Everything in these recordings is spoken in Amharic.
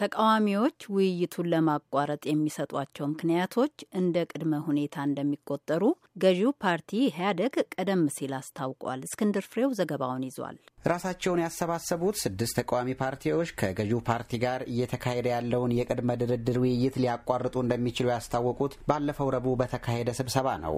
ተቃዋሚዎች ውይይቱን ለማቋረጥ የሚሰጧቸው ምክንያቶች እንደ ቅድመ ሁኔታ እንደሚቆጠሩ ገዢው ፓርቲ ኢህአዴግ ቀደም ሲል አስታውቋል። እስክንድር ፍሬው ዘገባውን ይዟል። ራሳቸውን ያሰባሰቡት ስድስት ተቃዋሚ ፓርቲዎች ከገዢው ፓርቲ ጋር እየተካሄደ ያለውን የቅድመ ድርድር ውይይት ሊያቋርጡ እንደሚችሉ ያስታወቁት ባለፈው ረቡዕ በተካሄደ ስብሰባ ነው።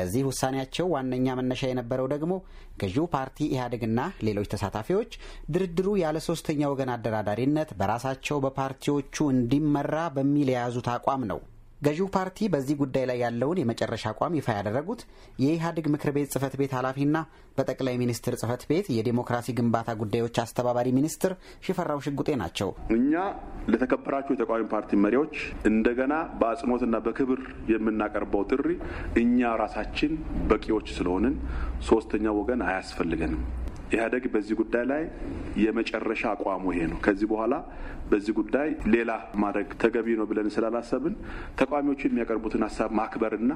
ለዚህ ውሳኔያቸው ዋነኛ መነሻ የነበረው ደግሞ ገዢው ፓርቲ ኢህአዴግና ሌሎች ተሳታፊዎች ድርድሩ ያለ ሶስተኛ ወገን አደራዳሪነት በራሳቸው በፓርቲዎቹ እንዲመራ በሚል የያዙት አቋም ነው። ገዢው ፓርቲ በዚህ ጉዳይ ላይ ያለውን የመጨረሻ አቋም ይፋ ያደረጉት የኢህአዴግ ምክር ቤት ጽህፈት ቤት ኃላፊና በጠቅላይ ሚኒስትር ጽህፈት ቤት የዴሞክራሲ ግንባታ ጉዳዮች አስተባባሪ ሚኒስትር ሽፈራው ሽጉጤ ናቸው። እኛ ለተከበራቸው የተቃዋሚ ፓርቲ መሪዎች እንደገና በአጽንኦትና በክብር የምናቀርበው ጥሪ እኛ ራሳችን በቂዎች ስለሆንን ሶስተኛ ወገን አያስፈልገንም። ኢህአዴግ በዚህ ጉዳይ ላይ የመጨረሻ አቋሙ ይሄ ነው። ከዚህ በኋላ በዚህ ጉዳይ ሌላ ማድረግ ተገቢ ነው ብለን ስላላሰብን ተቃዋሚዎቹ የሚያቀርቡትን ሀሳብ ማክበርና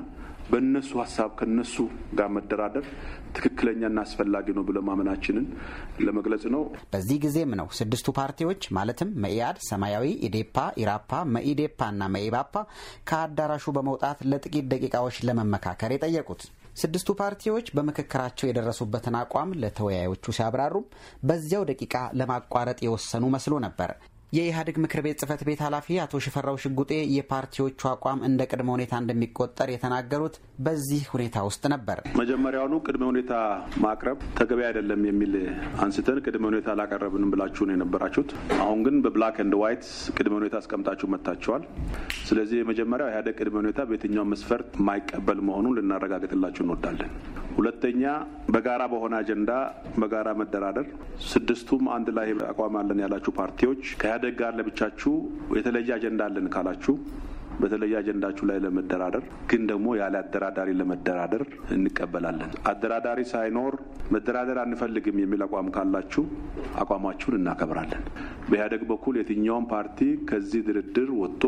በእነሱ ሀሳብ ከነሱ ጋር መደራደር ትክክለኛና አስፈላጊ ነው ብሎ ማመናችንን ለመግለጽ ነው። በዚህ ጊዜም ነው ስድስቱ ፓርቲዎች ማለትም መኢአድ፣ ሰማያዊ፣ ኢዴፓ፣ ኢራፓ፣ መኢዴፓ እና መኢባፓ ከአዳራሹ በመውጣት ለጥቂት ደቂቃዎች ለመመካከር የጠየቁት። ስድስቱ ፓርቲዎች በምክክራቸው የደረሱበትን አቋም ለተወያዮቹ ሲያብራሩም በዚያው ደቂቃ ለማቋረጥ የወሰኑ መስሎ ነበር። የኢህአዴግ ምክር ቤት ጽህፈት ቤት ኃላፊ አቶ ሽፈራው ሽጉጤ የፓርቲዎቹ አቋም እንደ ቅድመ ሁኔታ እንደሚቆጠር የተናገሩት በዚህ ሁኔታ ውስጥ ነበር። መጀመሪያውኑ ቅድመ ሁኔታ ማቅረብ ተገቢ አይደለም የሚል አንስተን ቅድመ ሁኔታ አላቀረብንም ብላችሁ ነው የነበራችሁት። አሁን ግን በብላክ ኤንድ ዋይት ቅድመ ሁኔታ አስቀምጣችሁ መጥታችኋል። ስለዚህ የመጀመሪያው ኢህአዴግ ቅድመ ሁኔታ በየትኛው መስፈርት የማይቀበል መሆኑን ልናረጋግጥላችሁ እንወዳለን። ሁለተኛ በጋራ በሆነ አጀንዳ በጋራ መደራደር። ስድስቱም አንድ ላይ አቋም አለን ያላችሁ ፓርቲዎች ከኢህአዴግ ጋር ለብቻችሁ የተለየ አጀንዳ አለን ካላችሁ በተለይ አጀንዳችሁ ላይ ለመደራደር ግን ደግሞ ያለ አደራዳሪ ለመደራደር እንቀበላለን። አደራዳሪ ሳይኖር መደራደር አንፈልግም የሚል አቋም ካላችሁ አቋማችሁን እናከብራለን። በኢህአዴግ በኩል የትኛውም ፓርቲ ከዚህ ድርድር ወጥቶ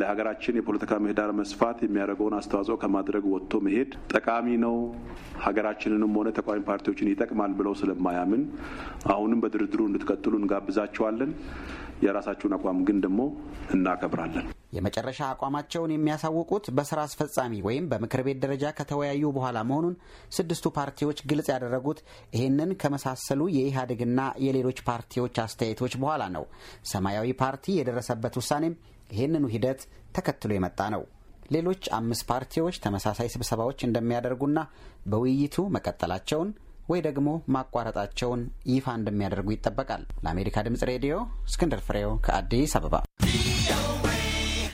ለሀገራችን የፖለቲካ ምህዳር መስፋት የሚያደርገውን አስተዋጽኦ ከማድረግ ወጥቶ መሄድ ጠቃሚ ነው፣ ሀገራችንንም ሆነ ተቃዋሚ ፓርቲዎችን ይጠቅማል ብለው ስለማያምን አሁንም በድርድሩ እንድትቀጥሉ እንጋብዛችኋለን። የራሳችሁን አቋም ግን ደግሞ እናከብራለን። የመጨረሻ አቋማቸውን የሚያሳውቁት በስራ አስፈጻሚ ወይም በምክር ቤት ደረጃ ከተወያዩ በኋላ መሆኑን ስድስቱ ፓርቲዎች ግልጽ ያደረጉት ይህንን ከመሳሰሉ የኢህአዴግና የሌሎች ፓርቲዎች አስተያየቶች በኋላ ነው። ሰማያዊ ፓርቲ የደረሰበት ውሳኔም ይህንኑ ሂደት ተከትሎ የመጣ ነው። ሌሎች አምስት ፓርቲዎች ተመሳሳይ ስብሰባዎች እንደሚያደርጉና በውይይቱ መቀጠላቸውን ወይ ደግሞ ማቋረጣቸውን ይፋ እንደሚያደርጉ ይጠበቃል። ለአሜሪካ ድምጽ ሬዲዮ እስክንድር ፍሬው ከአዲስ አበባ